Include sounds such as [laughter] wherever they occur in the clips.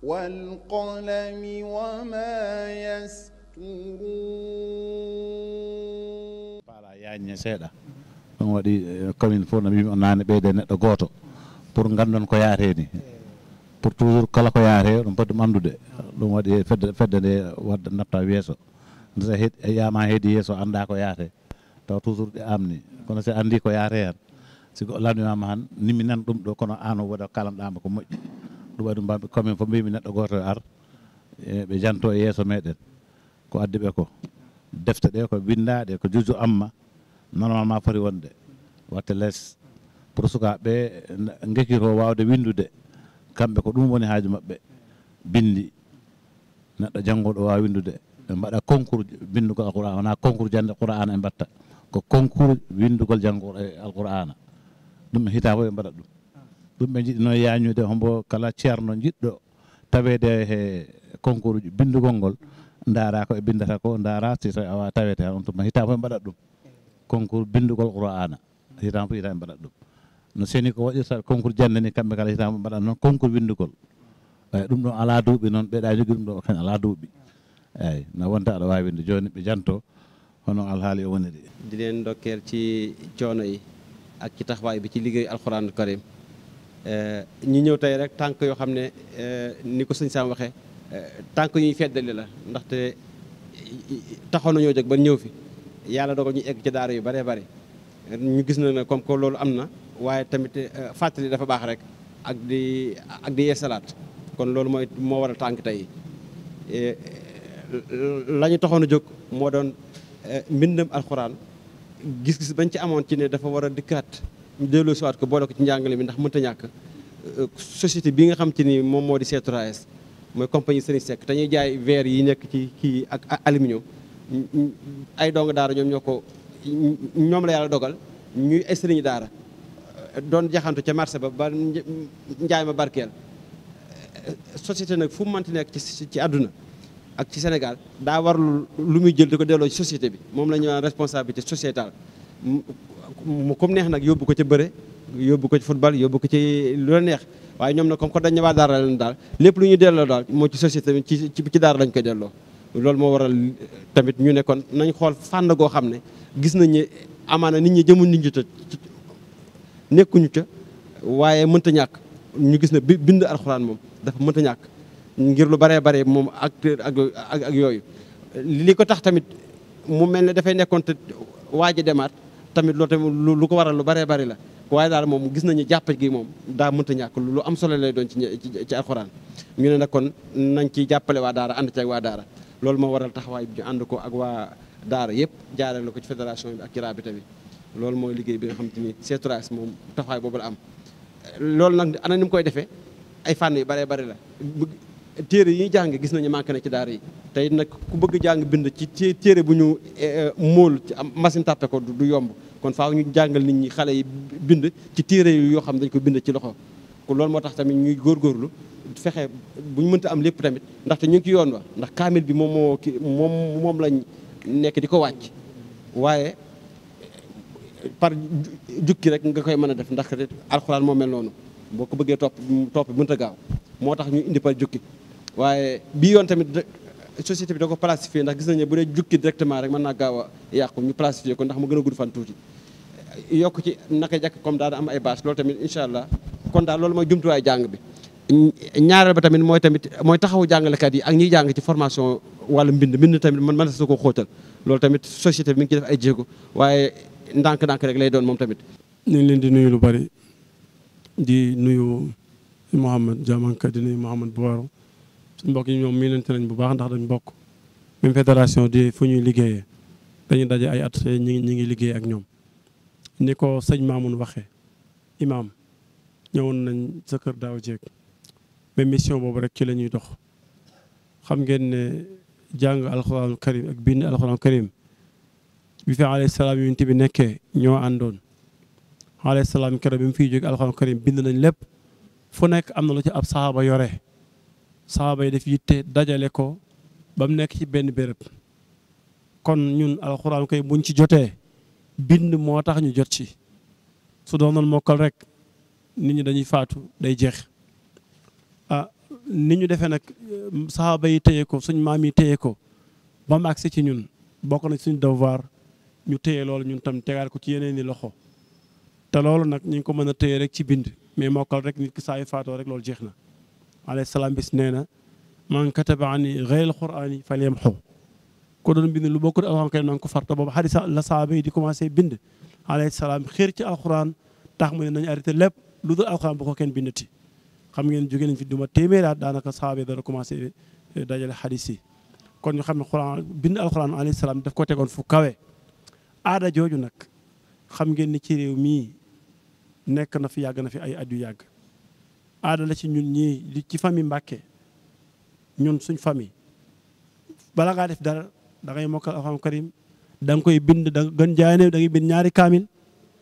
والقلم وما يسطرون paala yaaññe seeɗa ɗum waɗi eh, commune fof no mbimi o naane ɓeyde neɗɗo gooto pour ngandon ko yaateni pour toujours kala ko yaate ɗum poti ɗum anndude ɗum waɗi e fedde fedde nde wadde natta weeso so yama heedi yeeso annda ko yaate taw toujours ɗi amni kono so anndi ko yaate hen siko lamdinama han nimmi nan ɗum ɗo kono an o waɗa ko moƴƴi ɗum waɗi mbamɓe neɗɗo goto ar e ɓe janto e yesso ko addi ɓe ko defte ɗe ko windaɗe ko juju amma normalement foti wonde watte less pour sukaɓe gekkito wawde windude kamɓe ko ɗum woni haaji maɓɓe bindi neɗɗo janngoɗo wawa windude ɓe mbaɗa concours bindugol alqouran wona concours jande qour'ana e mbatta ko concours windugol janngo e alqour'ana E ɗum hitago ɓe mbaɗat ɗum ɗum ɓe jiɗi noon yañude hombo kala ceerno jiɗɗo tawede e concours uji bindugol ngol daara e ko ɓe bindata ko daara si tawi a wawa tawede ha on tuma ɓe mbaɗat ɗum concours bindugol qur'ana hitan fof hitan e ɓe jande ni kamɓe kala hitan fof mbaɗat noon concours windugol ɗum ɗon ala duuɓi noon ɓeeɗa jogui ɗum ɗo kañ ala duuɓi no wonta aɗa wawi winde joni ɓe janto hono alhaali o woniri ak ci taxawaay bi ci liggéey alxuraanul karim eh, ñi ñëw tey rek tànk yoo xam ne eh, ni ko sëñ Sam waxee eh, tànk yuy feddali la ndaxte taxaw nañoo jóg ba ñëw fi yàlla dogal ñu egg ci daara yu baree bari ñu gis na ne comme que loolu am na waaye tamit fàttali dafa baax rek ak di ak di yeesalaat kon loolu mooy moo war a tànk tey lañu ñu a jóg moo doon mbindam alxuraan gis-gis bañ ci amoon ci ne dafa war a dikkaat ñu delloo siwaat ko boole ko ci njàngale mi ndax mënta ñàkk société bi nga xam te ni moom moo di c 3 mooy compagnie Serigne Seck te ñuy jaay verre yi nekk ci kii ak aluminium ay dong daara ñoom ñoo ko ñoom la yàlla dogal ñuy ay sëriñu daara doon jaxantu ca marché ba ba njaay ma barkeel société nag fu mu mënti nekk ci ci àdduna ak ci Sénégal daa war lu muy jël di ko delloo ci société bi moom la ñuy wax responsabilité sociétale mu comme neex nag yóbbu ko ci bëre yóbbu ko ci football yóbbu ko ci lu la neex waaye ñoom na comme ko dañu waa daal lépp lu ñu delloo daal moo ci société bi ci ci daara lañ koy delloo loolu moo waral tamit ñu nekkoon kon nañ xool fànn goo xam ne gis nañ ne amaana nit ñi jëmuñ nit ñi te nekkuñu ca waaye mënta ñàkk ñu gis ne bind alxuraan moom dafa mënta ñàkk ngir lu baree bare moom acteur ak ak yooyu lii ko tax tamit mu mel ne dafay nekkoon te waa ji demaat tamit loolu tamit lu ko waral lu baree bari la waaye daal moom gis nañu jàpp gi moom daa mënta ñàkk lu am solo lay doon ci ci alxuraan ñu ne nag kon nañ ci jàppale waa daara ànd ci ak waa daara loolu moo waral taxawaay bi ñu ànd ko ak waa daara yëpp jaaree la ko ci fédération bi ak ci rabita bi loolu mooy liggéey bi nga xam te ni C3S e moom taxawaay boobu la am loolu nag ana ni mu koy defee ay fànn yu baree bari la téere yi jàng gis nañu manqué nañ ci daara yi tey nag ku bëgg jàng bind ci téere bu ñu eh, eh, móol ci machine tàppe ko du yomb kon faaw ñu jàngal nit ñi xale yi bind ci téere yi yoo xam dañ ko bind ci loxo ku loolu moo tax tamit ñuy góorlu fexe bu ñu mënta am lépp tamit ndaxte ñu ngi ci yoon wa ndax kaamil bi moom moo ki moom moom lañ nekk di ko wàcc waaye par jukki rek nga koy mën a def ndax alxuraan moo mel noonu boo ko bëggee topp topp mënta gaaw moo tax ñu indi jukki waaye bii yoon tamit société bi da ko plastifié ndax gis nañu bu dee jukki directement rek man naa gaaw a yàqu ñu plastifié ko ndax mu gën a gudd fan tuuti yokk ci naka jàkk comme daal am ay bâche loolu tamit incha allah kon daal loolu mooy jumtuwaay jàng bi ñaareel ba tamit mooy tamit mooy taxawu jàngalekat yi ak ñiy jàng ci formation wàllu mbind mbind tamit man mën na sa ko xóotal loolu tamit société mi ngi ci def ay jéego waaye ndànk-ndànk rek lay doon moom tamit ñu ngi leen di nuyu lu bari nuyu Mouhamed Diamanka di nuyu Mouhamed Bouwaro suñu mbokk yi ñoom miinante nañ bu baax ndax dañ bokk même fédération di fu ñuy liggéeyee dañuy daje ay at ñi ñi ngi liggéey ak ñoom ni ko sëñ Mamoun waxe imaam ñëwoon nañ sa kër daaw jeeg mais mission boobu rek ci lañuy dox xam ngeen ne jàng alxuraan karim ak bind alxuraan karim bi fi alayhi salaam yonent bi nekkee ñoo àndoon alayhi salaam keroog bi mu fiy jóg alxuraan karim bind nañ lépp fu nekk am na lu ci ab saxaaba yore saaba yi def yitte dajale ko ba mu nekk ci benn béréb kon ñun alxuraan koy buñ ci jotee bind moo tax ñu jot ci su doonoon mokkal rek nit ñi dañuy faatu day jeex ah ni ñu defee nag saaba yi téye ko suñ maam yi téye ko ba mu agsi ci ñun bokk na suñ devoir ñu téye loolu ñun tam tegaat ko ci yeneen i loxo te loolu nag ñu ngi ko mën a téye rek ci bind mais mokkal rek nit ki saa faatoo rek loolu jeex na alayhi salaam bis nee na man kataba ani ghayral qur'ani falyamhu ko doon bind lu bokkul alxuraan kay na nga ko farta boobu xadis la saaba yi di commencé bind alayhi salaam xër ci alxuraan tax mu ne nañu lépp lu dul alxuraan bu ko kenn bindati xam ngeen jóge nañ fi duma téeméeraat daanaka saaba yi dara commencé eh, dajale xadis yi kon ñu xam ne xuraan bind alxuraan alayhi salaam def ko tegoon fu kawe aada jooju nag xam ngeen ni ci réew mii nekk na fi yàgg na fi ay at yu yàgg aada la ci ñun ñii li ci famille Mbàkke ñun suñ famille bala ngaa def dara da ngay mokkal alxuraan karim da koy bind da gën jaayne da ngay bind ñaari kaamil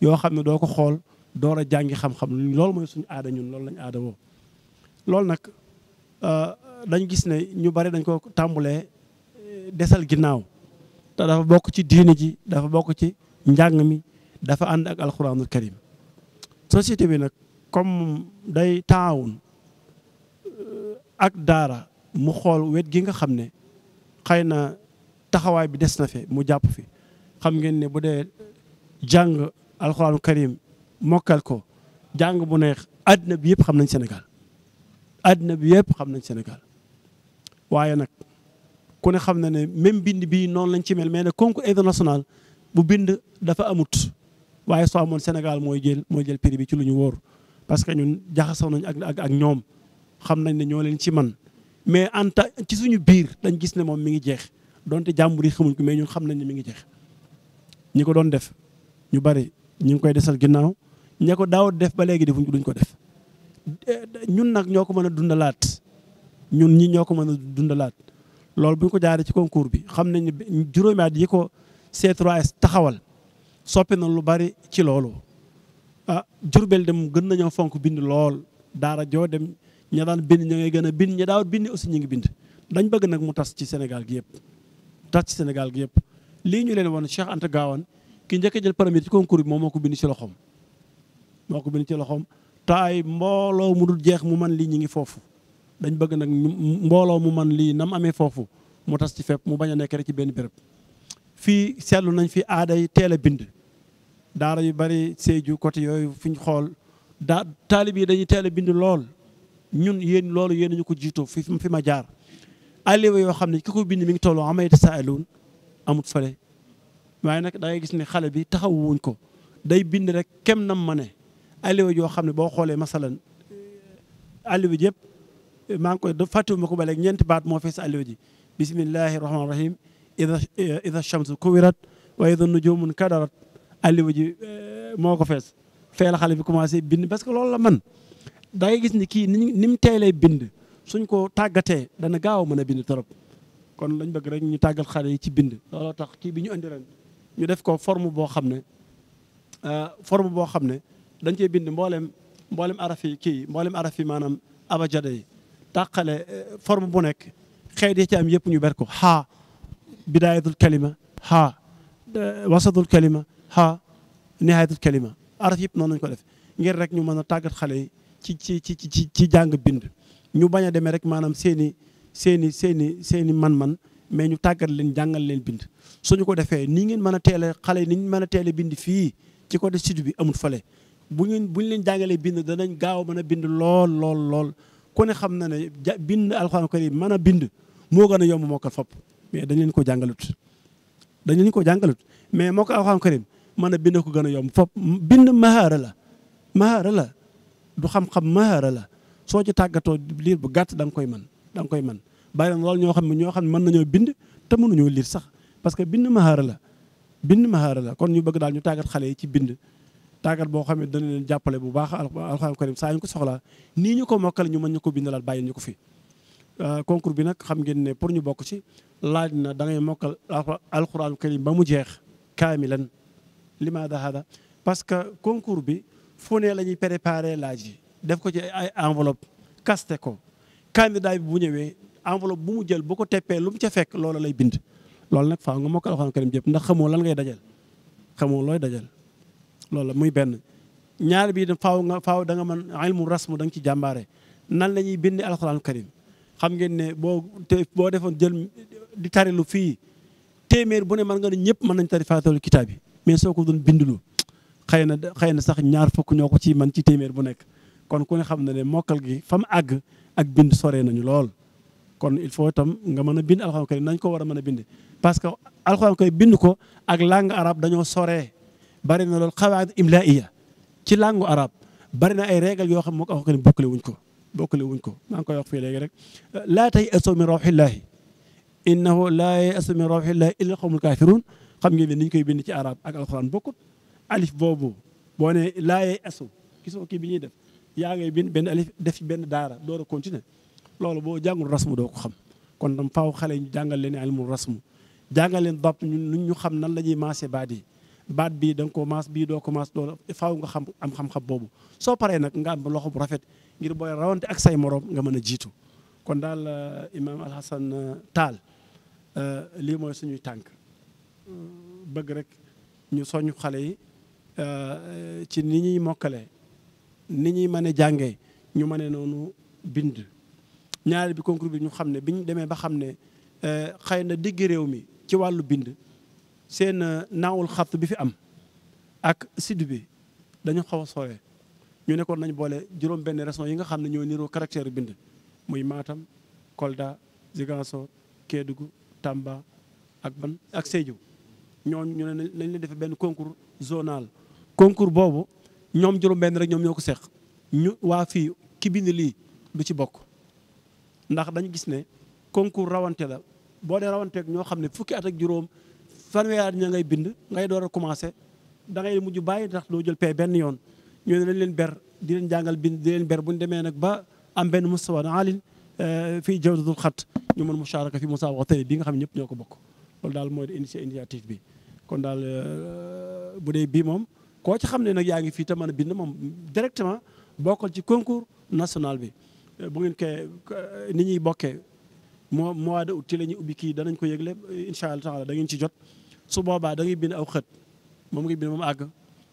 yoo xam ne doo ko xool doora a jàngi xam-xam loolu mooy suñu aada ñun loolu lañ aada woo loolu nag euh, dañ gis ne ñu bari dañ ko tàmbulee euh, desal ginnaaw te dafa bokk ci diini ji dafa bokk ci njàng mi dafa ànd ak alxuraanul karim société bi nag comme day taawun ak daara mu xool wet gi nga xam ne xëy na taxawaay bi des na fi mu jàpp fi xam ngeen ne bu dee jàng alxuraanu karim mokkal ko jàng bu neex àddina bi yëpp xam nañ senegal àddina bi yëpp xam nañ senegal waaye nag ku ne xam na ne même bind bii noonu lañ ci mel mais ne concours international bu bind dafa amut waaye soo amoon senegal mooy jël mooy jël peri bi ci lu ñu wóor parce que ñun jaxasoo nañ ak ak ak ñoom xam nañ ne ñoo leen ci man mais en ci suñu biir dañ gis ne moom mi ngi jeex donte jàmbur yi xamuñ ko mais ñun xam nañ ne mi ngi jeex. ñi ko doon def ñu bari ñu ngi koy desal ginnaaw ña ko daaw def ba léegi defuñ duñ ko def eh, ñun nag ñoo ko mën a dundalaat ñun ñi ñoo ko mën a dundalaat. loolu bu ñu ko jaaree ci concours bi xam nañ ne juróomi at yi ko c 3 taxawal soppi na lu bari ci loolu. ah Jurbel dem gën nañoo fonk bind lool daara joo dem ña daan bind ña ngay gën a bind ña daaw bind aussi ñu ngi bind dañ bëgg nag mu tas ci Sénégal gi yëpp tas ci Sénégal gi yëpp lii ñu leen woon Cheikh Anta Gawane ki njëkk jël premier ci concours moom moo ko bind ci loxoom moo ko bind ci loxoom taay mbooloo mu dul jeex mu man lii ñi ngi foofu dañ bëgg nag mbooloo mu man lii nam amee foofu mu tas ci fépp mu bañ a nekk rek ci benn bërëb fii seetlu nañ fi aaday teel a bind daara yu bari Sédhiou côté yooyu fu ñu xool daa taalib yi dañuy teel a bind lool ñun yéen loolu yéen ñu ko jiitoo fi fi ma jaar. alléwa yoo xam ne ki ko bind mi ngi tolloo amayta saaluun amut fële waaye nag da gis ne xale bi taxawu ko day bind rek kem nam ma ne alléwa yoo xam ne boo xoolee masalan alléwa yëpp maa ngi koy fàttewuma ko ba ñeenti baat moo fees alléwa ji bismillahi rahmaani rahim ida ida shamsu kuwirat wa ida nujumun kadarat alliwa ji eh, moo ko fees fee la xale bi commencé bind parce que loolu la man da gis ni kii ni mu teelee bind suñ ko tàggatee dana gaaw a mën a bind trop kon lañ bëgg rek ñu tàggat xale yi ci bind looloo tax kii bi ñu andi ren ñu def ko forme boo xam ne eh, forme boo xam ne dañ cee bind mboolem mboolem araf kii mboolem araf yi maanaam abajada yi tàqale eh, forme bu nekk xeet yi ci am yëpp ñu ber ko xaa bidayatul kalima xaa wasatul kalima ha nihayatul kalima araf yëpp noonu lañ ko def ngir rek ñu mën a tàggat xale yi ci ci ci ci ci jàng bind ñu bañ a demee rek maanaam seeni i seen i seen i man-man mais ñu tàggat leen jàngal leen bind suñu ko defee nii ngeen mën a teel xale yi ni ñu mën a teel a bind fii ci côté sud bi amul fale bu ngeen bu ñu leen jàngalee bind danañ gaaw mën a bind lool lool lool ku xam na ne bind alxuraan karim mën a bind moo gën a yomb mokkal fopp mais dañ leen ko jàngalut dañ leen ko jàngalut mais mokkal ko karim mën a bind ko gën a yomb fop bind mahaara la mahaara la du xam-xam mahaara la soo ci tàggatoo liir bu gàtt danga koy mën da koy mën bàyyi loolu ñoo xam ne ñoo xam ne mën nañoo bind te mënuñoo liir sax parce que bind mahaara la bind mahaara la kon ñu bëgg daal ñu tàggat xale yi ci bind tàggat boo xam ne dana jàppale bu baax alxuraan karim saa ñu ko soxlaa nii ñu ko mokkale ñu man ñu ko bindalaat bàyyi ñu ko fi euh, concours bi nag xam ngeen ne pour ñu bokk ci laaj na da mokkal alxuraan karim ba mu jeex kaamilan limaada hada parce que concours bi fu ne la ñuy préparé laaj yi def ko ci ay enveloppe kaste ko candidat bi bu ñëwee enveloppe bu mu jël bu ko teppee lu mu ca fekk loolu lay bind loolu nag faaw nga moo ko alxuraan karim jëpp ndax xamoo lan ngay dajal xamoo looy dajal loolu muy benn ñaar bii da faaw nga faaw da nga mën ilmu rasmu da nga ci jàmbaare nan la ñuy bind alxuraan karim xam ngeen ne boo te boo defoon jël di lu fii téeméer bu ne mën nga ne ñëpp mën nañ tari faatul kitaab yi mais soo ko doon bindlu xëy na xëy na sax ñaar fukk ñoo ko ci man ci téeméer bu nekk kon ku ne xam na ne mokkal gi fa mu àgg ak bind sore nañu lool kon il faut tam nga mën a bind alxuraan ko war a mën a bind parce que alxuraan bind ko ak langue arabe dañoo soree bari na lool xawaat imlaiya ci langue arabe bari na ay régal yoo xam mook alxuraan wuñ ko bokkale wuñ ko maa ngi koy wax fii léegi rek laa tay illa xawmul kaafiruun xam ngeen ne ni ñu koy bind ci arab ak alxuraan bokkut alif boobu boo ne laayee asu gisoo kii bi ñuy def yaa ngay bind benn alif def benn daara door a continuer loolu boo jàngul rasmu doo ko xam kon dam faaw xale ñu jàngal leen ilmul rasmu jàngal leen dabt ñun ñu xam nan la ñuy maase baat yi baat bii da nga ko maas bii doo ko maas loolu faaw nga xam am xam-xam boobu soo paree nag nga am loxo bu rafet ngir booy rawante ak say morom nga mën a jiitu kon daal euh, imaam alxasan euh, taal euh, lii mooy suñuy tànk bëgg rek ñu soñu xale yi euh, ci ni ñuy mokkale ni ñuy mën jànge ñu mën noonu bind. ñaareel bi concours bi ñu xam ne bi ñu demee ba xam ne euh, xëy na digg réew mi ci wàllu bind seen euh, naawul xatt bi fi am ak sud bi dañu xaw a sore ñu nekkoon nañ boole juróom benn région yi nga xam ne ñoo niroo caractère bind muy Matam Kolda Ziguinchor Kédougou tàmba ak ban ak Sédhiou ñooñu ñu ne lañ leen defee benn concours zonal concours boobu ñoom juróom rek ñoom ñoo ko seq ñu waa fii ki bind lii du ci bokk ndax dañu gis ne concours rawante la boo dee rawanteeg ñoo xam ne fukki at ak juróom fanweer at ña ngay bind ngay door a commencé da ngay mujj bàyyi ndax doo jël pay benn yoon ñu ne leen ber di leen jàngal bind di leen ber bu ñu demee nag ba am benn mustawa na alin eh, fii jawdatul xat ñu mën musaaraka fi musaabaqa tey bi nga xam ne ñëpp ñoo ko bokk loolu daal mooy initié initiative bi kon daal euh, bu dee bii moom koo ci xam ne nag yaa ngi fii te mën a bind moom directement bokkal ci concours national bi euh, bu ngeen koy ni ñuy bokke moo mois de août ci la ñuy ubbi kii danañ ko yëgle incha allah taala da ngeen ci jot su boobaa da ngay bind aw xët moom ngay bind moom àgg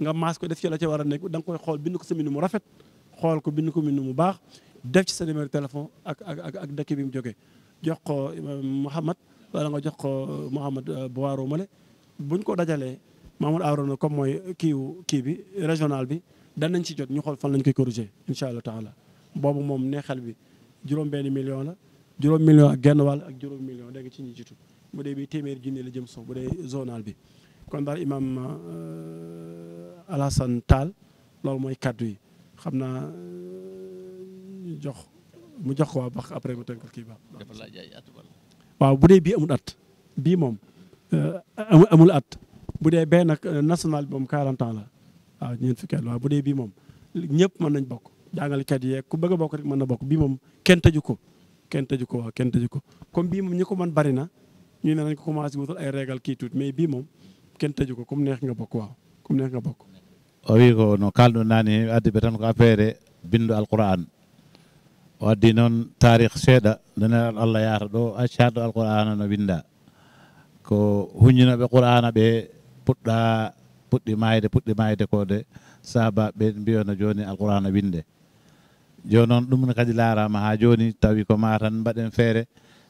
nga maas ko def ci la ca war a nekk da nga koy xool bind ko sa mbind mu rafet xool ko bind ko mbind mu baax def ci sa numéro téléphone ak ak ak dëkk bi mu jógee jox ko euh, Mouhamad wala nga jox ko euh, Mouhamad euh, Bouwaro Male buñ ko dajalee Mamoud Arona comme mooy kii kii bi régional bi danañ ci jot ñu xool fan lañ koy corriger incha allah taala boobu moom neexal bi juróom benn million la juróom million ak genn wàll ak juróom million da ci ñuy jitu bu dee bi téeméeri junni la jëm so bu dee zonal bi kon daal imam euh, Alassane Tall loolu mooy kaddu yi xam naa jox mu jox ko waa bax après mu tënkal kii baax waaw bu dee bii amul at bii moom eh, amul at bu dee bee nag eh, national boom moom 40 la waaw ñeent fukki at waaw bu dee bii moom ñëpp mën nañ bokk jàngalekat yi ku bëgg bokk rek mën na bokk bii moom kenn tëju ko kenn tëju ko kenn tëju ko comme bii moom ñi ko mën bari na ñu ne nañ ko commencé wutal ay régal kii tuut mais bii moom kenn tëju ko comme neex nga bokk waaw comme neex nga bokk o wi ko no kalɗo naane addi ɓe tan ko affaire bindu alqouran o addi noon tarih seeɗa ndeneral allah yahata ɗo accatɗo alqur'ana no winda ko huñinoɓe qur'ana ɓe puɗɗa puɗɗi mayde puɗɗi mayde ko de sahabaɓe ɓe mbiyano joni alqur'ana winde joni noon ɗum kadi laarama ha joni tawi ko ma mbaɗen feere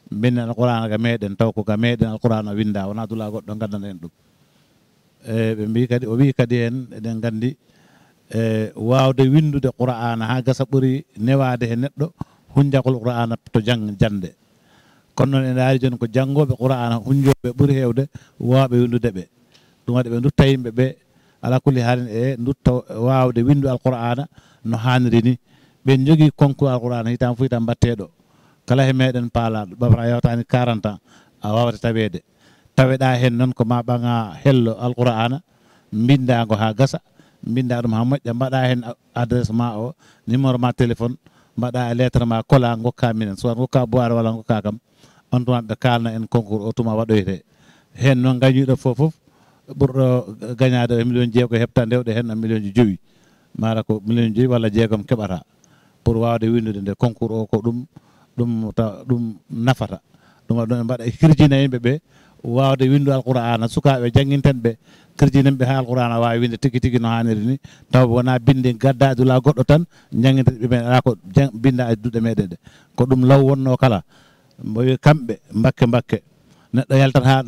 binne alqur'ana ga meɗen taw ko ga meɗen alqur'ana winda wona dula goɗɗo gandana en ɗum e ɓe mbi kadi o wi kadi en eɗen gandi e windude qur'ana ha gasa ɓoori newade he neɗɗo hunjakol qur'ana to jang jande kono noon en daari ko janngoɓe qur'ana hunjoɓe ɓoori hewde wawɓe windude ɓe ɗum waɗi ɓe dutta yimɓe ɓe ala kulli e dutta wawde windu alqur'ana no hanniri ni ɓen jogii concours alqur'ana hitan fo hitan mbatteɗo kala he meɗen paalaɗo ɓafra a yewtani 40 a wawata taweede taweɗa hen noon ko ma hello alqur'ana mbindago ha gasa binda ɗum ha moƴƴa mbaɗa hen adresse ma o numéro ma téléphone mbaɗa e ma kola gokka minen soit gokka boire walla gokka kam on ɓe kalna en concours o tuma waɗoyte hen noon gañuɗo fof foof ɓurɗo gañade e million jeego hepta ndewɗe hen a million ji mara ko million joyyi walla jeegom keɓata pour wawde windude nde concours o ko ɗum nafata ɗum ɗum ɓe mbaɗa e hirjina yimɓeɓe wawde windu alqur'ana sukaɓe ɓe kardinam ɓe ha alqurana wawi winde tigui tigui no hanniri ni taw wona binde gaddaɗo la goɗɗo tan jangguidata ɓe men binda e duɗe meɗen law wonno kala mbo wi kamɓe mbakke mbakke neɗɗo yaltata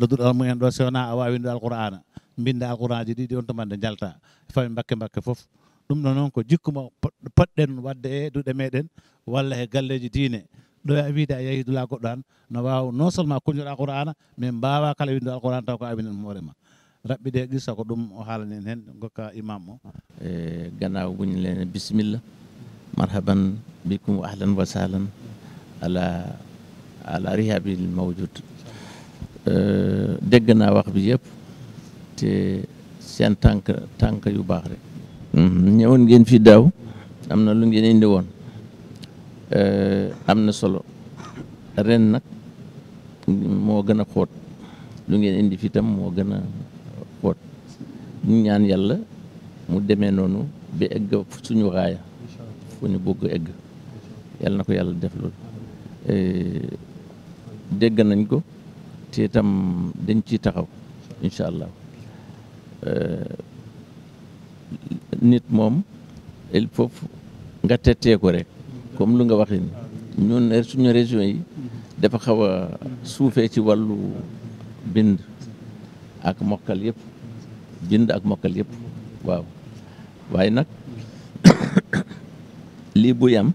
ha ɗo jikkuma poɗɗen wadde e duɗe meɗen walla e galleji diine ɗo a wiide dula goɗɗo han no wawa non seulement koñora alqurana mais kala winde alqurana taw ko awinen hoorema raɓɓide e qissa ko ɗum o haalani en heen gokka imam o eh, gannaaw buñ leen bisimilla marhaban bikum wa ahlan wa sahlan ala ala rihabil mawjud eh, dégg naa wax bi yépp te seen tànk tànk yu baax rek hmm, ñëwoon ngeen fi daaw am na lu ngeen indi woon eh, am na solo ren nag moo gën a xóot lu ngeen indi fii tam moo gën a ñu ñaan yàlla mu demee noonu bi egg suñu raaya fu ñu bëgg egg yàlla na ko yàlla def loolu e, dégg nañ ko te tam dañ ci taxaw incha allah e, nit moom il faut nga tettee ko rek comme lu nga wax ni ñun suñu région yi dafa xaw a suufee ci wàllu bind ak mokkal yëpp bind ak mokkal yépp waaw waaye nag [coughs] lii buy am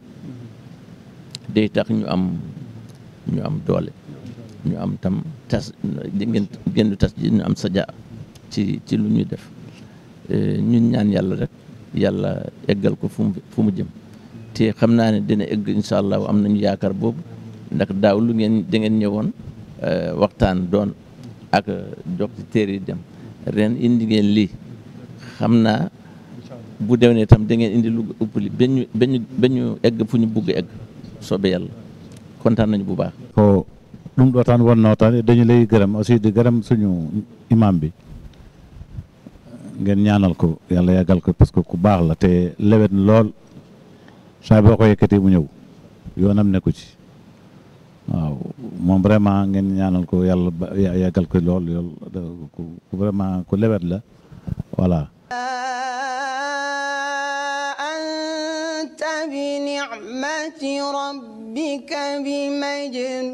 day tax ñu am ñu am doole ñu am tam tas ngeen ngeen tas ji ñu am saja ci ci lu ñuy def eh, ñun ñaan yàlla rek yàlla eggal ko fu mu jëm te xam naa ne dina egg incha allah am nañu yaakaar boobu ndax daaw lu ngeen dangeen ngeen ñëwoon eh, waxtaan doon ak jox eh, ci téere yi dem ren indi ngeen lii xam naa bu déwénee itam da ngeen indi lu ëpp li ba ñu ba ñu egg fu ñu bugg egg soobee yàlla kontaan nañu bu baax. ko ɗum ɗo tan wonnoo tan dañu lay gërëm aussi di gërëm suñu imam bi ngeen ñaanal ko yàlla yàggal ko parce que ku baax la te lewet lool saa boo ko yëkkatee mu ñëw yoonam nekku ci. waaw moom vraiment ngeen ñaanal ko yàlla ba yàggal ko lool lool ku vraiment ku lewet la voilà. anta bi ni'mati rabbika bi majnun